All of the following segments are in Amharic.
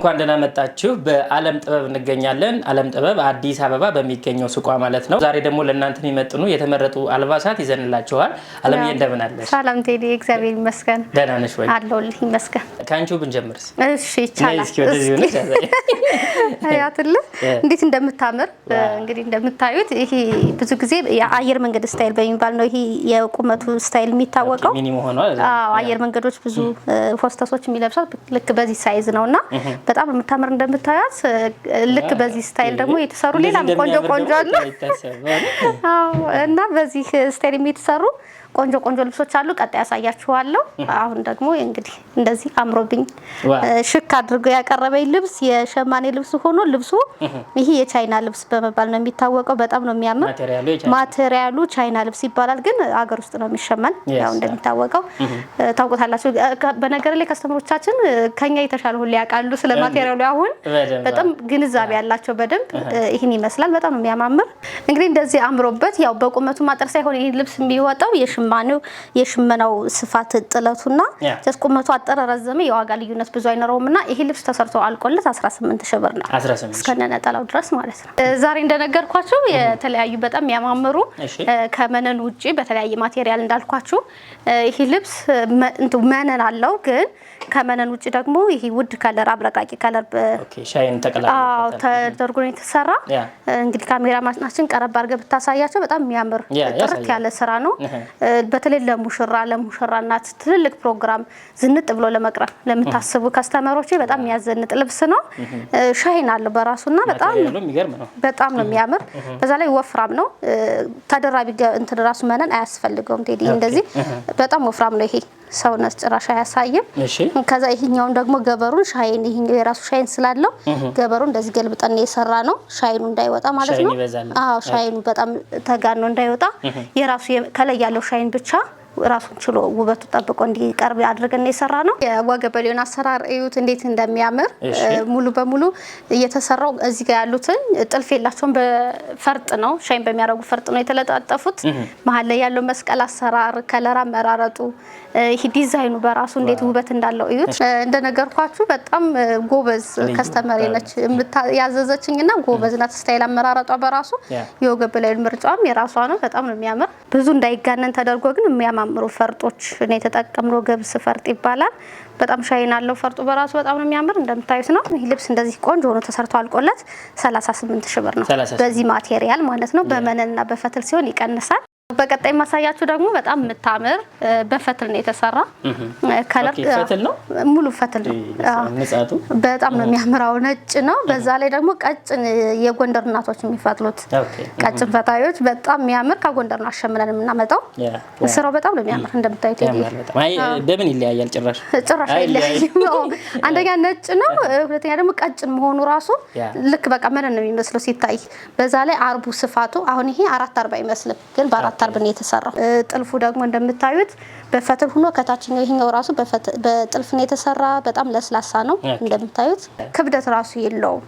እንኳን ደህና መጣችሁ። በዓለም ጥበብ እንገኛለን። ዓለም ጥበብ አዲስ አበባ በሚገኘው ሱቋ ማለት ነው። ዛሬ ደግሞ ለእናንተ የሚመጥኑ የተመረጡ አልባሳት ይዘንላችኋል። ዓለምዬ እንደምን አለሽ? ሰላም ቴዲ፣ እግዚአብሔር ይመስገን። ደህና ነሽ ወይ? አለሁልህ ይመስገን። ከአንቺው ብንጀምርስ? እሺ ይቻላል። እንዴት እንደምታምር እንግዲህ እንደምታዩት ይሄ ብዙ ጊዜ የአየር መንገድ ስታይል በሚባል ነው ይሄ የቁመቱ ስታይል የሚታወቀው። አየር መንገዶች ብዙ ሆስተሶች የሚለብሷት ልክ በዚህ ሳይዝ ነው እና በጣም የምታምር እንደምታያት ልክ በዚህ ስታይል ደግሞ የተሰሩ ሌላም ቆንጆ ቆንጆ አሉ እና በዚህ ስታይል የተሰሩ ቆንጆ ቆንጆ ልብሶች አሉ። ቀጣይ ያሳያችኋለሁ። አሁን ደግሞ እንግዲህ እንደዚህ አምሮብኝ ሽክ አድርጎ ያቀረበኝ ልብስ የሸማኔ ልብስ ሆኖ ልብሱ ይሄ የቻይና ልብስ በመባል ነው የሚታወቀው። በጣም ነው የሚያምር። ማቴሪያሉ ቻይና ልብስ ይባላል፣ ግን አገር ውስጥ ነው የሚሸመን። ያው uh-huh. እንደሚታወቀው mm-hmm. ታውቁታላችሁ። በነገር ላይ ከስተምሮቻችን ከኛ የተሻለ ሁሉ ያውቃሉ ስለ ማቴሪያሉ። አሁን በጣም ግንዛቤ ያላቸው በደንብ uh-huh. ይህን ይመስላል። በጣም ነው የሚያማምር። እንግዲህ እንደዚህ አምሮበት ያው በቁመቱ ማጠር ሳይሆን ይህ ልብስ የሚወጣው ሽማኔው የሽመናው ስፋት ጥለቱና ቁመቱ አጠረ ረዘመ የዋጋ ልዩነት ብዙ አይኖረውም እና ይሄ ልብስ ተሰርቶ አልቆለት 18 ሺህ ብር ነው እስከነ ነጠላው ድረስ ማለት ነው። ዛሬ እንደነገርኳችሁ የተለያዩ በጣም የሚያማምሩ ከመነን ውጭ በተለያየ ማቴሪያል እንዳልኳችሁ ይሄ ልብስ መነን አለው ግን ከመነን ውጭ ደግሞ ይሄ ውድ ከለር አብረቃቂ ከለር ተደርጎ ነው የተሰራ። እንግዲህ ካሜራማናችን ቀረብ አድርገህ ብታሳያቸው በጣም የሚያምር ጥርት ያለ ስራ ነው። በተለይ ለሙሽራ ለሙሽራ እናት ትልልቅ ፕሮግራም ዝንጥ ብሎ ለመቅረብ ለምታስቡ ከስተመሮቼ በጣም የሚያዘንጥ ልብስ ነው። ሻይን አለው በራሱና በጣም በጣም ነው የሚያምር። በዛ ላይ ወፍራም ነው። ተደራቢ እንትን ራሱ መነን አያስፈልገውም። ቴዲ እንደዚህ በጣም ወፍራም ነው ይሄ ሰውነት ጭራሽ አያሳይም። ከዛ ይሄኛውም ደግሞ ገበሩን ሻይን ይሄኛው የራሱ ሻይን ስላለው ገበሩ እንደዚህ ገልብጠን የሰራ ነው። ሻይኑ እንዳይወጣ ማለት ነው። አዎ ሻይኑ በጣም ተጋኖ እንዳይወጣ የራሱ ከላይ ያለው ሻይን ብቻ ራሱን ችሎ ውበቱ ጠብቆ እንዲቀርብ አድርገን የሰራ ነው። የወገበሌውን አሰራር እዩት እንዴት እንደሚያምር ሙሉ በሙሉ እየተሰራው። እዚህ ጋር ያሉትን ጥልፍ የላቸውን በፈርጥ ነው ሻይን በሚያደርጉ ፈርጥ ነው የተለጣጠፉት። መሀል ላይ ያለው መስቀል አሰራር፣ ከለራ መራረጡ፣ ይህ ዲዛይኑ በራሱ እንዴት ውበት እንዳለው እዩት። እንደነገርኳችሁ በጣም ጎበዝ ከስተመሬ ነች ያዘዘችኝና ጎበዝ ናት። ስታይል አመራረጧ በራሱ የወገበሌውን ምርጫም የራሷ ነው። በጣም ነው የሚያምር ብዙ እንዳይጋነን ተደርጎ ግን የሚያምር የሚያማምሩ ፈርጦች ነው የተጠቀምነው። ገብስ ፈርጥ ይባላል። በጣም ሻይን አለው ፈርጡ በራሱ በጣም ነው የሚያምር። እንደምታዩት ነው። ይህ ልብስ እንደዚህ ቆንጆ ሆኖ ተሰርቶ አልቆለት 38 ሺህ ብር ነው። በዚህ ማቴሪያል ማለት ነው። በመነንና በፈትል ሲሆን ይቀንሳል። በቀጣይ ማሳያችሁ ደግሞ በጣም የምታምር በፈትል ነው የተሰራ ነው ሙሉ ፈትል ነው። በጣም ነው የሚያምራው። ነጭ ነው። በዛ ላይ ደግሞ ቀጭን የጎንደር እናቶች የሚፈትሉት ቀጭን ፈታዮች በጣም የሚያምር ከጎንደር ነው አሸምነን የምናመጣው። ስራው በጣም ነው የሚያምር እንደምታዩት። በምን ይለያያል? ጭራሽ ጭራሽ አይለያይም። አንደኛ ነጭ ነው፣ ሁለተኛ ደግሞ ቀጭን መሆኑ ራሱ ልክ በቃ መነን ነው የሚመስለው ሲታይ። በዛ ላይ አርቡ ስፋቱ አሁን ይሄ አራት አርባ አይመስልም፣ ግን በአራት ታርብ ነው የተሰራው። ጥልፉ ደግሞ እንደምታዩት በፈትል ሆኖ ከታችኛው ይሄኛው ራሱ በጥልፍ ነው የተሰራ። በጣም ለስላሳ ነው እንደምታዩት። ክብደት ራሱ የለውም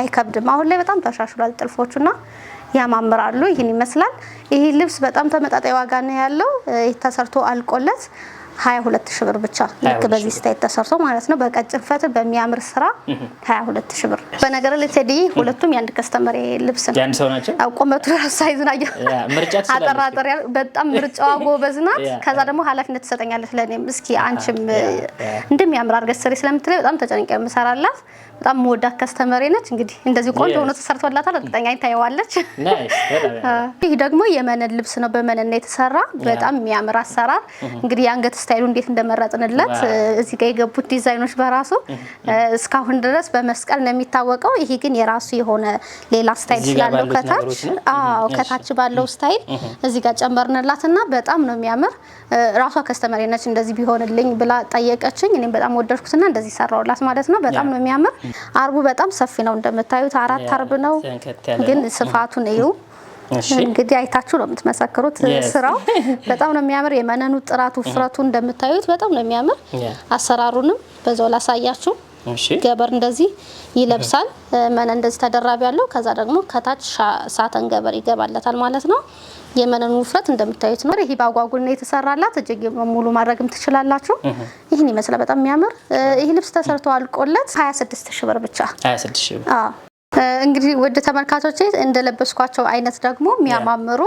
አይከብድም። አሁን ላይ በጣም ተሻሽሏል ጥልፎቹና ያማምራሉ። ይህን ይመስላል። ይህ ልብስ በጣም ተመጣጣኝ ዋጋ ነው ያለው ተሰርቶ አልቆለት ሁለት ሺህ ብር ብቻ ልክ በዚህ ተሰርቶ ማለት ነው። በቀጭን ፈትል በሚያምር ስራ 22 ሺህ ብር። በነገር ላይ ቴዲ ሁለቱም የአንድ ከስተመር ልብስ ነው። ቁመቱ ሳይዝ በጣም ምርጫዋ ጎበዝ ናት። ከዛ ደግሞ ኃላፊነት ትሰጠኛለች ለእኔም እስኪ አንቺም እንደሚያምር አድርገሽ ስሪ ስለምትለኝ በጣም ተጨንቄ የምሰራላት በጣም መወዳት ከስተመሪ ነች። እንግዲህ እንደዚህ ቆንጆ ሆኖ ተሰርቶላታል። እርግጠኛ ታየዋለች። ይህ ደግሞ የመነን ልብስ ነው። በመነን የተሰራ በጣም የሚያምር አሰራር። እንግዲህ የአንገት ስታይሉ እንዴት እንደመረጥንለት እዚህ ጋር የገቡት ዲዛይኖች በራሱ እስካሁን ድረስ በመስቀል ነው የሚታወቀው። ይሄ ግን የራሱ የሆነ ሌላ ስታይል ስላለው ከታች አዎ፣ ከታች ባለው ስታይል እዚህ ጋር ጨመርንላትና በጣም ነው የሚያምር ራሷ ከስተመሬ ነች እንደዚህ ቢሆንልኝ ብላ ጠየቀችኝ። እኔም በጣም ወደድኩትና እንደዚህ ሰራውላት ማለት ነው። በጣም ነው የሚያምር። አርቡ በጣም ሰፊ ነው እንደምታዩት፣ አራት አርብ ነው ግን ስፋቱን እዩ። እንግዲህ አይታችሁ ነው የምትመሰክሩት። ስራው በጣም ነው የሚያምር። የመነኑ ጥራት፣ ውፍረቱ እንደምታዩት በጣም ነው የሚያምር። አሰራሩንም በዛው ላሳያችሁ። ገበር እንደዚህ ይለብሳል። መነን እንደዚህ ተደራቢ ያለው ከዛ ደግሞ ከታች ሳተን ገበር ይገባለታል ማለት ነው። የመነኑ ውፍረት እንደምታዩት ነው። ይሄ ባጓጉል ነው የተሰራላት። እጅግ ሙሉ ማድረግም ትችላላችሁ። ይህን ይመስላል። በጣም የሚያምር ይህ ልብስ ተሰርቶ አልቆለት 26 ሺህ ብር ብቻ። እንግዲህ ውድ ተመልካቾች እንደለበስኳቸው አይነት ደግሞ የሚያማምሩ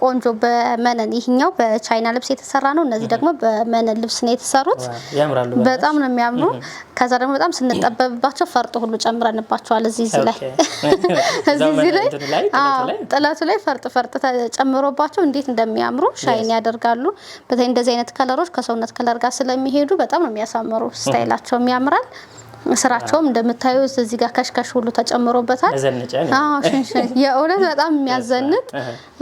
ቆንጆ በመነን ይሄኛው በቻይና ልብስ የተሰራ ነው። እነዚህ ደግሞ በመነን ልብስ ነው የተሰሩት። በጣም ነው የሚያምሩ። ከዛ ደግሞ በጣም ስንጠበብባቸው ፈርጥ ሁሉ ጨምረንባቸዋል። እዚህ እዚህ ላይ እዚህ ላይ ጥለቱ ላይ ፈርጥ ፈርጥ ተጨምሮባቸው እንዴት እንደሚያምሩ ሻይን ያደርጋሉ። በተለይ እንደዚህ አይነት ከለሮች ከሰውነት ከለር ጋር ስለሚሄዱ በጣም ነው የሚያሳምሩ። ስታይላቸውም ያምራል። ስራቸውም እንደምታዩ እዚህ ጋር ከሽከሽ ሁሉ ተጨምሮበታል። የእውነት በጣም የሚያዘንጥ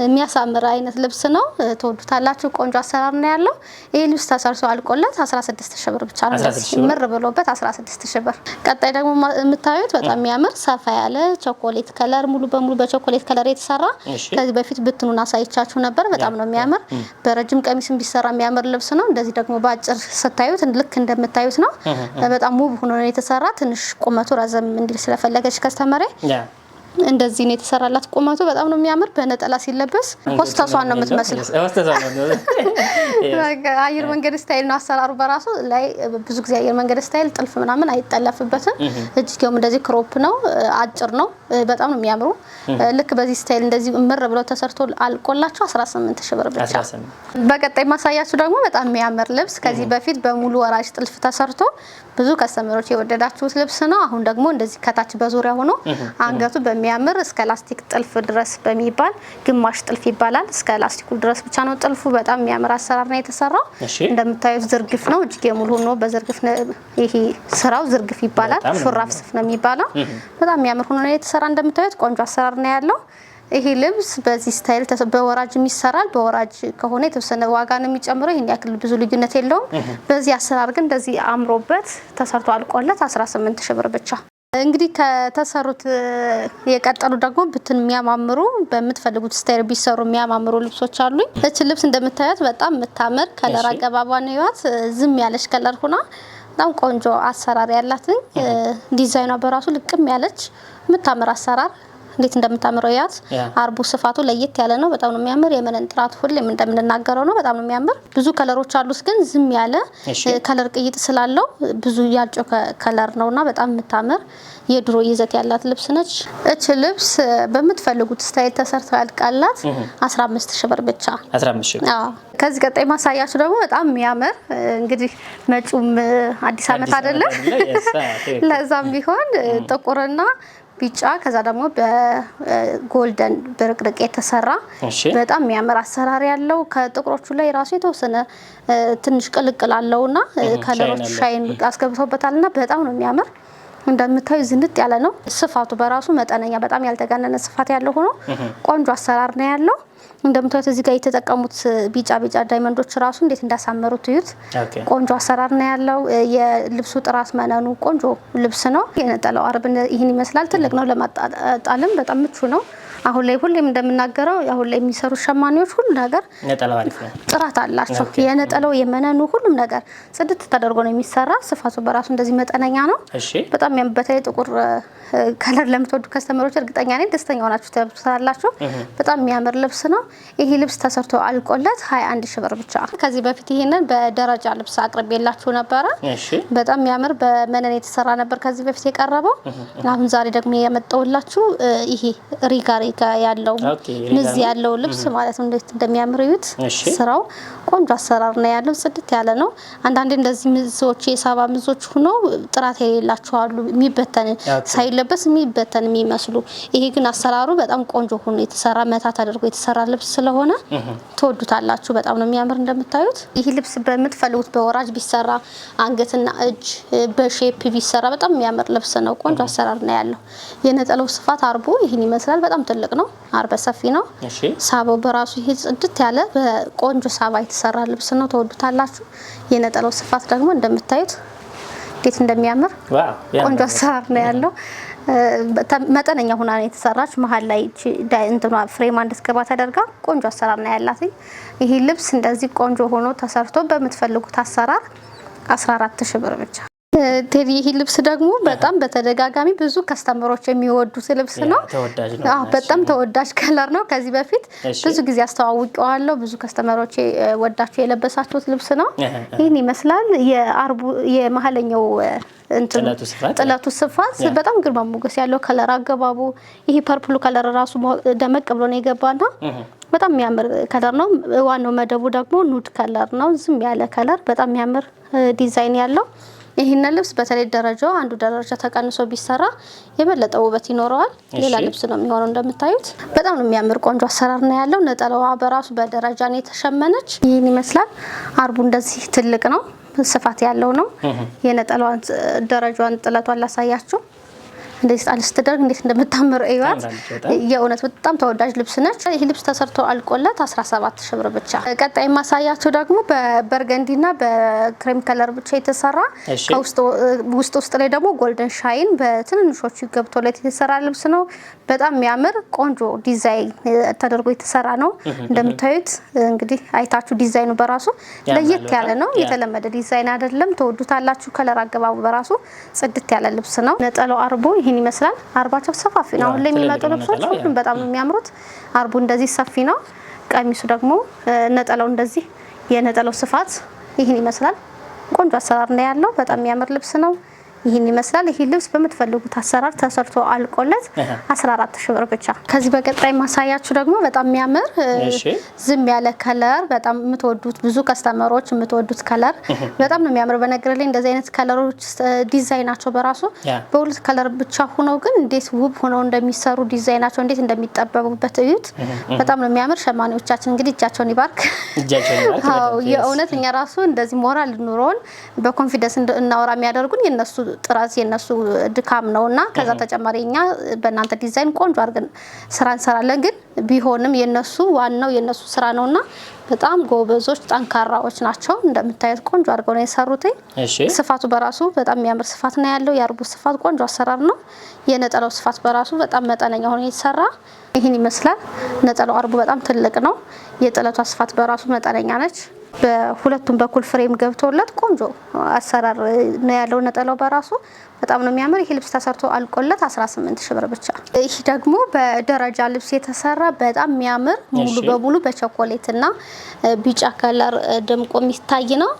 የሚያሳምር አይነት ልብስ ነው። ትወዱታላችሁ። ቆንጆ አሰራር ነው ያለው። ይህ ልብስ ተሰርሶ አልቆለት 16 ሽብር ብር ብቻ ነው። ምር ብሎበት 16 ሺህ ብር። ቀጣይ ደግሞ የምታዩት በጣም የሚያምር ሰፋ ያለ ቾኮሌት ከለር ሙሉ በሙሉ በቾኮሌት ከለር የተሰራ ከዚህ በፊት ብትኑን አሳይቻችሁ ነበር። በጣም ነው የሚያምር። በረጅም ቀሚስ ቢሰራ የሚያምር ልብስ ነው። እንደዚህ ደግሞ በአጭር ስታዩት ልክ እንደምታዩት ነው። በጣም ውብ ሆኖ ነው ስለተሰራ ትንሽ ቁመቱ ረዘም እንዲል ስለፈለገች ከስተመሬ እንደዚህ ነው የተሰራላት። ቁመቱ በጣም ነው የሚያምር። በነጠላ ሲለበስ ሆስተሷን ነው የምትመስለው። አየር መንገድ ስታይል ነው አሰራሩ በራሱ ላይ ብዙ ጊዜ አየር መንገድ ስታይል ጥልፍ ምናምን አይጠለፍበትም። እጅጌውም እንደዚህ ክሮፕ ነው፣ አጭር ነው። በጣም ነው የሚያምሩ። ልክ በዚህ ስታይል እንደዚህ ምር ብለው ተሰርቶ አልቆላቸው 18 ሺህ ብር ብቻ። በቀጣይ ማሳያችሁ ደግሞ በጣም የሚያምር ልብስ ከዚህ በፊት በሙሉ ወራጅ ጥልፍ ተሰርቶ ብዙ ከስተመሮች የወደዳችሁት ልብስ ነው። አሁን ደግሞ እንደዚህ ከታች በዙሪያ ሆኖ አንገቱ በሚያ የሚያምር እስከ ላስቲክ ጥልፍ ድረስ በሚባል ግማሽ ጥልፍ ይባላል። እስከ ላስቲኩ ድረስ ብቻ ነው ጥልፉ። በጣም የሚያምር አሰራር ነው የተሰራው። እንደምታዩት ዝርግፍ ነው፣ እጅጌ ሙሉ ሆኖ በዝርግፍ ይሄ ስራው ዝርግፍ ይባላል። ሹራፍ ስፍ ነው የሚባለው። በጣም የሚያምር ሆኖ ነው የተሰራ። እንደምታዩት ቆንጆ አሰራር ነው ያለው። ይሄ ልብስ በዚህ ስታይል በወራጅ ይሰራል። በወራጅ ከሆነ የተወሰነ ዋጋ ነው የሚጨምረው። ይህን ያክል ብዙ ልዩነት የለውም። በዚህ አሰራር ግን እንደዚህ አምሮበት ተሰርቶ አልቆለት 18 ሺህ ብር ብቻ እንግዲህ ከተሰሩት የቀጠሉ ደግሞ ብትን የሚያማምሩ በምትፈልጉት ስታይል ቢሰሩ የሚያማምሩ ልብሶች አሉኝ። እች ልብስ እንደምታዩት በጣም የምታምር ከለር አገባባ ነው ዝም ያለች ከለር ሁና በጣም ቆንጆ አሰራር ያላትን ዲዛይኗ በራሱ ልቅም ያለች የምታምር አሰራር እንዴት እንደምታምረው ያት አርቡ ስፋቱ ለየት ያለ ነው። በጣም ነው የሚያምር። የመነን ጥራት ሁሌም እንደምንናገረው ነው። በጣም ነው የሚያምር። ብዙ ከለሮች አሉት፣ ግን ዝም ያለ ከለር ቅይጥ ስላለው ብዙ ያልጮ ከለር ነውና በጣም የምታምር የድሮ ይዘት ያላት ልብስ ነች። እች ልብስ በምትፈልጉት ስታይል ተሰርተው ያልቃላት 15 ሺህ ብር ብቻ። 15 ሺህ አዎ። ከዚህ ቀጣይ ማሳያችሁ ደግሞ በጣም የሚያምር እንግዲህ መጪውም አዲስ አመት አይደለ? ለዛም ቢሆን ጥቁርና ቢጫ ከዛ ደግሞ በጎልደን ብርቅርቅ የተሰራ በጣም የሚያምር አሰራር ያለው ከጥቁሮቹ ላይ ራሱ የተወሰነ ትንሽ ቅልቅል እና ከለሮች ሻይን አስገብተውበታልና በጣም ነው የሚያምር። እንደምታዩ ዝንጥ ያለ ነው። ስፋቱ በራሱ መጠነኛ በጣም ያልተጋነነ ስፋት ያለው ሆኖ ቆንጆ አሰራር ነው ያለው። እንደምታዩት እዚህ ጋር የተጠቀሙት ቢጫ ቢጫ ዳይመንዶች ራሱ እንዴት እንዳሳመሩት እዩት። ቆንጆ አሰራር ነው ያለው። የልብሱ ጥራት መነኑ ቆንጆ ልብስ ነው። የነጠለው አርብ ይህን ይመስላል። ትልቅ ነው፣ ለማጣጣልም በጣም ምቹ ነው። አሁን ላይ ሁሌም እንደምናገረው አሁን ላይ የሚሰሩ ሸማኔዎች ሁሉ ነገር ጥራት አላቸው። የነጠለው የመነኑ ሁሉም ነገር ጽድት ተደርጎ ነው የሚሰራ። ስፋቱ በራሱ እንደዚህ መጠነኛ ነው። በጣም በተለይ ጥቁር ከለር ለምትወዱ ከስተመሮች እርግጠኛ ነኝ ደስተኛ ሆናችሁ ትለብሳላችሁ። በጣም የሚያምር ልብስ ነው። ይሄ ልብስ ተሰርቶ አልቆለት ሀያ አንድ ሺ ብር ብቻ። ከዚህ በፊት ይሄንን በደረጃ ልብስ አቅርቤላችሁ ነበረ። በጣም የሚያምር በመነን የተሰራ ነበር ከዚህ በፊት የቀረበው። አሁን ዛሬ ደግሞ የመጣውላችሁ ይሄ ሪጋር ያለው እነዚህ ያለው ልብስ ማለት ነው እንዴት እንደሚያምር እዩት። ስራው ቆንጆ አሰራር ነው ያለው፣ ጽድት ያለ ነው። አንዳንዴ እንደዚህ ምዞች የሳባ ምዞች ሆኖ ጥራት የሌላቸው አሉ፣ የሚበተን ሳይለበስ የሚበተን የሚመስሉ። ይሄ ግን አሰራሩ በጣም ቆንጆ ሆኖ የተሰራ መታ ተደርጎ የተሰራ ልብስ ስለሆነ ትወዱታላችሁ። በጣም ነው የሚያምር እንደምታዩት። ይህ ልብስ በምትፈልጉት በወራጅ ቢሰራ አንገትና እጅ በሼፕ ቢሰራ በጣም የሚያምር ልብስ ነው። ቆንጆ አሰራር ነው ያለው። የነጠላው ስፋት አርቦ ይህን ይመስላል። በጣም ትልቅ ነው፣ አርበ ሰፊ ነው። ሳባው በራሱ ይሄ ጽድት ያለ በቆንጆ ሳባ የተሰራ ልብስ ነው። ተወዱታላችሁ። የነጠላው ስፋት ደግሞ እንደምታዩት እንዴት እንደሚያምር ቆንጆ አሰራር ነው ያለው። መጠነኛ ሁና ነው የተሰራች። መሀል ላይ እንትኗ ፍሬም እንድትገባ ተደርጋ ቆንጆ አሰራር ነው ያላት። ይህ ልብስ እንደዚህ ቆንጆ ሆኖ ተሰርቶ በምትፈልጉት አሰራር 14 ሺህ ብር ብቻ ቴዲ ይህ ልብስ ደግሞ በጣም በተደጋጋሚ ብዙ ከስተመሮች የሚወዱት ልብስ ነው። በጣም ተወዳጅ ከለር ነው። ከዚህ በፊት ብዙ ጊዜ አስተዋውቀዋለሁ። ብዙ ከስተመሮች ወዳቸው የለበሳችሁት ልብስ ነው። ይህን ይመስላል የመሀለኛው ጥለቱ ስፋት በጣም ግርማ ሞገስ ያለው ከለር አገባቡ ይሄ ፐርፕሉ ከለር ራሱ ደመቅ ብሎ ነው የገባና በጣም የሚያምር ከለር ነው። ዋናው መደቡ ደግሞ ኑድ ከለር ነው። ዝም ያለ ከለር በጣም የሚያምር ዲዛይን ያለው ይህን ልብስ በተለይ ደረጃው አንዱ ደረጃ ተቀንሶ ቢሰራ የበለጠ ውበት ይኖረዋል። ሌላ ልብስ ነው የሚሆነው። እንደምታዩት በጣም ነው የሚያምር ቆንጆ አሰራር ነው ያለው። ነጠላዋ በራሱ በደረጃ ነው የተሸመነች። ይህን ይመስላል። አርቡ እንደዚህ ትልቅ ነው፣ ስፋት ያለው ነው። የነጠላዋን ደረጃዋን ጥለቷን ላሳያችሁ። እንዴት አልስትደርግ እንዴት እንደምታምር እዩዋት። የእውነት በጣም ተወዳጅ ልብስ ነች። ይህ ልብስ ተሰርቶ አልቆለት 17 ሺህ ብር ብቻ። ቀጣይ ማሳያቸው ደግሞ በበርገንዲና በክሬም ከለር ብቻ የተሰራ ውስጥ ውስጥ ላይ ደግሞ ጎልደን ሻይን በትንንሾቹ ገብቶለት የተሰራ ልብስ ነው። በጣም የሚያምር ቆንጆ ዲዛይን ተደርጎ የተሰራ ነው። እንደምታዩት እንግዲህ አይታችሁ ዲዛይኑ በራሱ ለየት ያለ ነው። የተለመደ ዲዛይን አይደለም። ተወዱታላችሁ። ከለር አገባቡ በራሱ ጽድት ያለ ልብስ ነው። ነጠላው አርቦ ይሄ ይህን ይመስላል። አርባቸው ሰፋፊ ነው። አሁን ለሚመጡ የሚመጡ ልብሶች ሁሉም በጣም ነው የሚያምሩት። አርቡ እንደዚህ ሰፊ ነው። ቀሚሱ ደግሞ ነጠላው እንደዚህ የነጠላው ስፋት ይህን ይመስላል። ቆንጆ አሰራር ነው ያለው። በጣም የሚያምር ልብስ ነው። ይህን ይመስላል። ይህ ልብስ በምትፈልጉት አሰራር ተሰርቶ አልቆለት 14 ሺ ብር ብቻ። ከዚህ በቀጣይ ማሳያችሁ ደግሞ በጣም የሚያምር ዝም ያለ ከለር፣ በጣም የምትወዱት ብዙ ከስተመሮች የምትወዱት ከለር በጣም ነው የሚያምር። በነገር ላይ እንደዚህ አይነት ከለሮች ዲዛይናቸው በራሱ በሁለት ከለር ብቻ ሆነው ግን እንዴት ውብ ሆነው እንደሚሰሩ ዲዛይናቸው እንዴት እንደሚጠበቡበት እዩት። በጣም ነው የሚያምር። ሸማኔዎቻችን እንግዲህ እጃቸውን ይባርክ። የእውነት እኛ ራሱ እንደዚህ ሞራል ኑሮን በኮንፊደንስ እናወራ የሚያደርጉን የነሱ ጥረት የነሱ ድካም ነው እና ከዛ ተጨማሪ እኛ በእናንተ ዲዛይን ቆንጆ አድርገን ስራ እንሰራለን። ግን ቢሆንም የነሱ ዋናው የነሱ ስራ ነው እና በጣም ጎበዞች፣ ጠንካራዎች ናቸው። እንደምታዩት ቆንጆ አድርገው ነው የሰሩት። ስፋቱ በራሱ በጣም የሚያምር ስፋት ነው ያለው። የአርቡ ስፋት ቆንጆ አሰራር ነው። የነጠላው ስፋት በራሱ በጣም መጠነኛ ሆኖ የተሰራ ይህን ይመስላል። ነጠላው አርቡ በጣም ትልቅ ነው። የጥለቷ ስፋት በራሱ መጠነኛ ነች። በሁለቱም በኩል ፍሬም ገብቶለት ቆንጆ አሰራር ነው ያለው። ነጠላው በራሱ በጣም ነው የሚያምር። ይሄ ልብስ ተሰርቶ አልቆለት 18 ሺህ ብር ብቻ። ይህ ደግሞ በደረጃ ልብስ የተሰራ በጣም የሚያምር ሙሉ በሙሉ በቸኮሌትና ቢጫ ከለር ደምቆ የሚታይ ነው።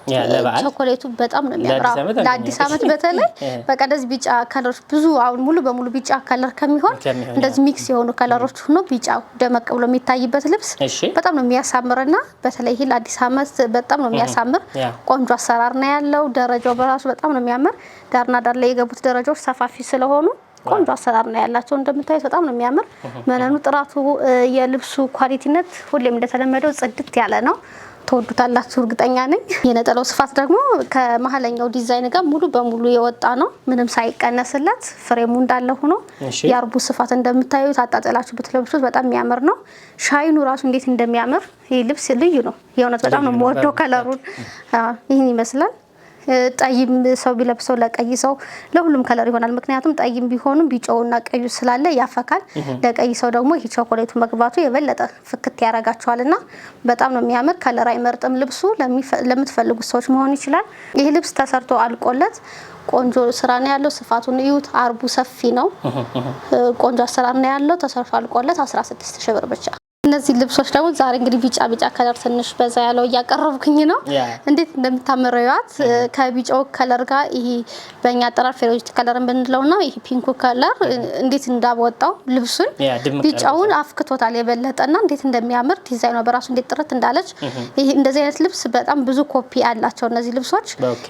ቸኮሌቱ በጣም ነው የሚያምር። ለአዲስ አመት በተለይ በቃ እንደዚህ ቢጫ ከለሮች ብዙ አሁን ሙሉ በሙሉ ቢጫ ከለር ከሚሆን እንደዚህ ሚክስ የሆኑ ከለሮች ሆኖ ቢጫ ደመቅ ብሎ የሚታይበት ልብስ በጣም ነው የሚያሳምርና በተለይ ይህ ለአዲስ አመት በጣም ነው የሚያሳምር። ቆንጆ አሰራር ነው ያለው። ደረጃው በራሱ በጣም ነው የሚያምር። ዳርና ዳር ላይ የገቡት ደረጃዎች ሰፋፊ ስለሆኑ ቆንጆ አሰራር ነው ያላቸው። እንደምታዩት በጣም ነው የሚያምር መነኑ፣ ጥራቱ፣ የልብሱ ኳሊቲነት ሁሌም እንደተለመደው ጽድት ያለ ነው። ተወዱታላችሁ እርግጠኛ ነኝ። የነጠላው ስፋት ደግሞ ከመሀለኛው ዲዛይን ጋር ሙሉ በሙሉ የወጣ ነው፣ ምንም ሳይቀነስለት ፍሬሙ እንዳለ ሆኖ የአርቡ ስፋት እንደምታዩት አጣጠላችሁ ብትለብሱት በጣም የሚያምር ነው። ሻይኑ ራሱ እንዴት እንደሚያምር ይህ ልብስ ልዩ ነው። የእውነት በጣም ነው የምወደው ከለሩን። ይህን ይመስላል። ጠይም ሰው ቢለብሰው ለቀይ ሰው ለሁሉም ከለር ይሆናል። ምክንያቱም ጠይም ቢሆኑም ቢጫውና ቀዩ ስላለ ያፈካል። ለቀይ ሰው ደግሞ ይህ ቸኮሌቱ መግባቱ የበለጠ ፍክት ያረጋቸዋል እና በጣም ነው የሚያምር። ከለር አይመርጥም ልብሱ። ለምትፈልጉት ሰዎች መሆን ይችላል። ይህ ልብስ ተሰርቶ አልቆለት ቆንጆ ስራ ነው ያለው። ስፋቱን እዩት። አርቡ ሰፊ ነው። ቆንጆ አሰራር ነው ያለው። ተሰርቶ አልቆለት 16 ሺህ ብር ብቻ እነዚህ ልብሶች ደግሞ ዛሬ እንግዲህ ቢጫ ቢጫ ከለር ትንሽ በዛ ያለው እያቀረብኩኝ ነው። እንዴት እንደምታምረዋት ከቢጫው ከለር ጋር ይሄ በእኛ አጠራር ፌሮጅት ከለር ብንለው ነው። ይሄ ፒንኩ ከለር እንዴት እንዳወጣው ልብሱን ቢጫውን አፍክቶታል የበለጠና እንዴት እንደሚያምር ዲዛይኗ በራሱ እንዴት ጥርት እንዳለች። ይሄ እንደዚህ አይነት ልብስ በጣም ብዙ ኮፒ አላቸው እነዚህ ልብሶች።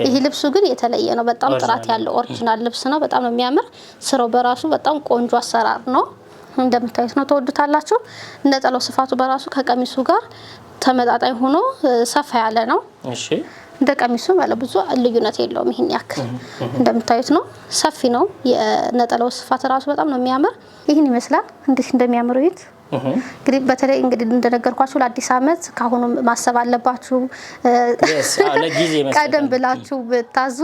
ይሄ ልብሱ ግን የተለየ ነው። በጣም ጥራት ያለው ኦሪጂናል ልብስ ነው። በጣም ነው የሚያምር። ስራው በራሱ በጣም ቆንጆ አሰራር ነው። እንደምታዩት ነው። ተወዱታላችሁ። ነጠላው ስፋቱ በራሱ ከቀሚሱ ጋር ተመጣጣኝ ሆኖ ሰፋ ያለ ነው። እሺ እንደ ቀሚሱ ባለ ብዙ ልዩነት የለውም። ይሄን ያክል እንደምታዩት ነው፣ ሰፊ ነው። የነጠላው ስፋት ራሱ በጣም ነው የሚያምር። ይህን ይመስላል። እንዴት እንደሚያምር እዩት። እንግዲህ በተለይ እንግዲህ እንደነገርኳችሁ ለአዲስ አመት ከአሁኑ ማሰብ አለባችሁ። ቀደም ብላችሁ ብታዙ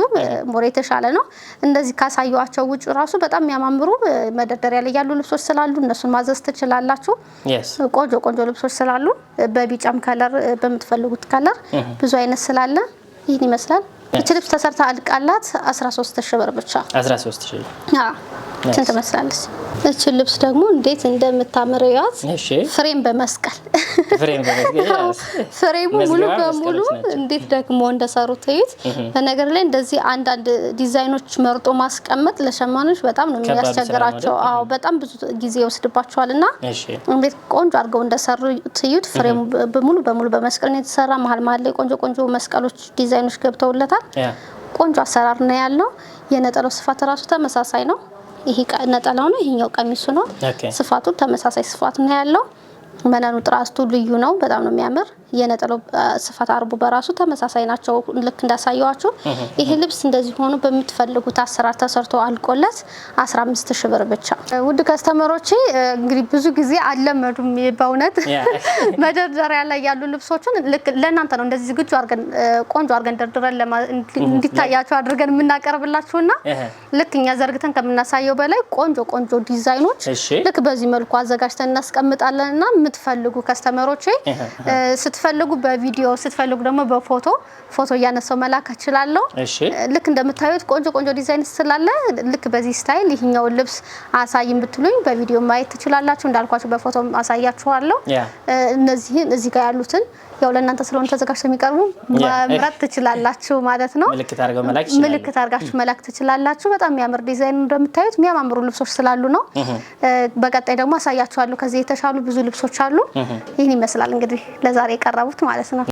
ሞር የተሻለ ነው። እንደዚህ ካሳየዋቸው ውጭ ራሱ በጣም የሚያማምሩ መደርደሪያ ላይ ያሉ ልብሶች ስላሉ እነሱን ማዘዝ ትችላላችሁ። ቆንጆ ቆንጆ ልብሶች ስላሉ በቢጫም ከለር በምትፈልጉት ከለር ብዙ አይነት ስላለ ይህን ይመስላል። ይች ልብስ ተሰርታ አልቃላት 13 ሺህ ብር ብቻ 13 እንትን ትመስላለች። እችን ልብስ ደግሞ እንዴት እንደምታምር ያት ፍሬም በመስቀል ፍሬሙ ሙሉ በሙሉ እንዴት ደግሞ እንደሰሩት እዩት። በነገር ላይ እንደዚህ አንዳንድ ዲዛይኖች መርጦ ማስቀመጥ ለሸማኖች በጣም ነው የሚያስቸግራቸው። አዎ በጣም ብዙ ጊዜ ይወስድባቸዋል እና እንዴት ቆንጆ አድርገው እንደሰሩት እዩት። ፍሬሙ በሙሉ በሙሉ በመስቀል ነው የተሰራ። መሀል መሀል ላይ ቆንጆ ቆንጆ መስቀሎች ዲዛይኖች ገብተውለታል። ቆንጆ አሰራር ነው ያለው። የነጠላው ስፋት ራሱ ተመሳሳይ ነው። ይሄ ነጠላው ነው፣ ይሄኛው ቀሚሱ ነው። ስፋቱ ተመሳሳይ ስፋት ነው ያለው። መነኑ ጥራስቱ ልዩ ነው። በጣም ነው የሚያምር። የነጠለ ስፋት አርቡ በራሱ ተመሳሳይ ናቸው። ልክ እንዳሳየዋችሁ ይሄ ልብስ እንደዚህ ሆኖ በምትፈልጉት አሰራር ተሰርቶ አልቆለት 15 ሺ ብር ብቻ። ውድ ከስተመሮቼ እንግዲህ ብዙ ጊዜ አለመዱም። በእውነት መደርደሪያ ላይ ያሉ ልብሶችን ለእናንተ ነው እንደዚህ ዝግጁ አርገን ቆንጆ አርገን ደርድረን እንዲታያቸው አድርገን የምናቀርብላችሁና ልክ እኛ ዘርግተን ከምናሳየው በላይ ቆንጆ ቆንጆ ዲዛይኖች ልክ በዚህ መልኩ አዘጋጅተን እናስቀምጣለን ና የምትፈልጉ ከስተመሮቼ ስትፈልጉ በቪዲዮ ስትፈልጉ ደግሞ በፎቶ ፎቶ እያነሳው መላክ እችላለሁ። ልክ እንደምታዩት ቆንጆ ቆንጆ ዲዛይን ስላለ ልክ በዚህ ስታይል ይህኛው ልብስ አሳይም ብትሉኝ በቪዲዮ ማየት ትችላላችሁ። እንዳልኳቸው በፎቶ አሳያችኋለሁ። እነዚህን እዚህ ጋር ያሉትን ያው ለእናንተ ስለሆነ ተዘጋጅተው የሚቀርቡ መምረጥ ትችላላችሁ ማለት ነው። ምልክት አድርጋችሁ መላክ ትችላላችሁ። በጣም የሚያምር ዲዛይን እንደምታዩት የሚያማምሩ ልብሶች ስላሉ ነው። በቀጣይ ደግሞ አሳያችኋለሁ። ከዚህ የተሻሉ ብዙ ልብሶች አሉ። ይህን ይመስላል እንግዲህ ለዛሬ የቀረቡት ማለት ነው።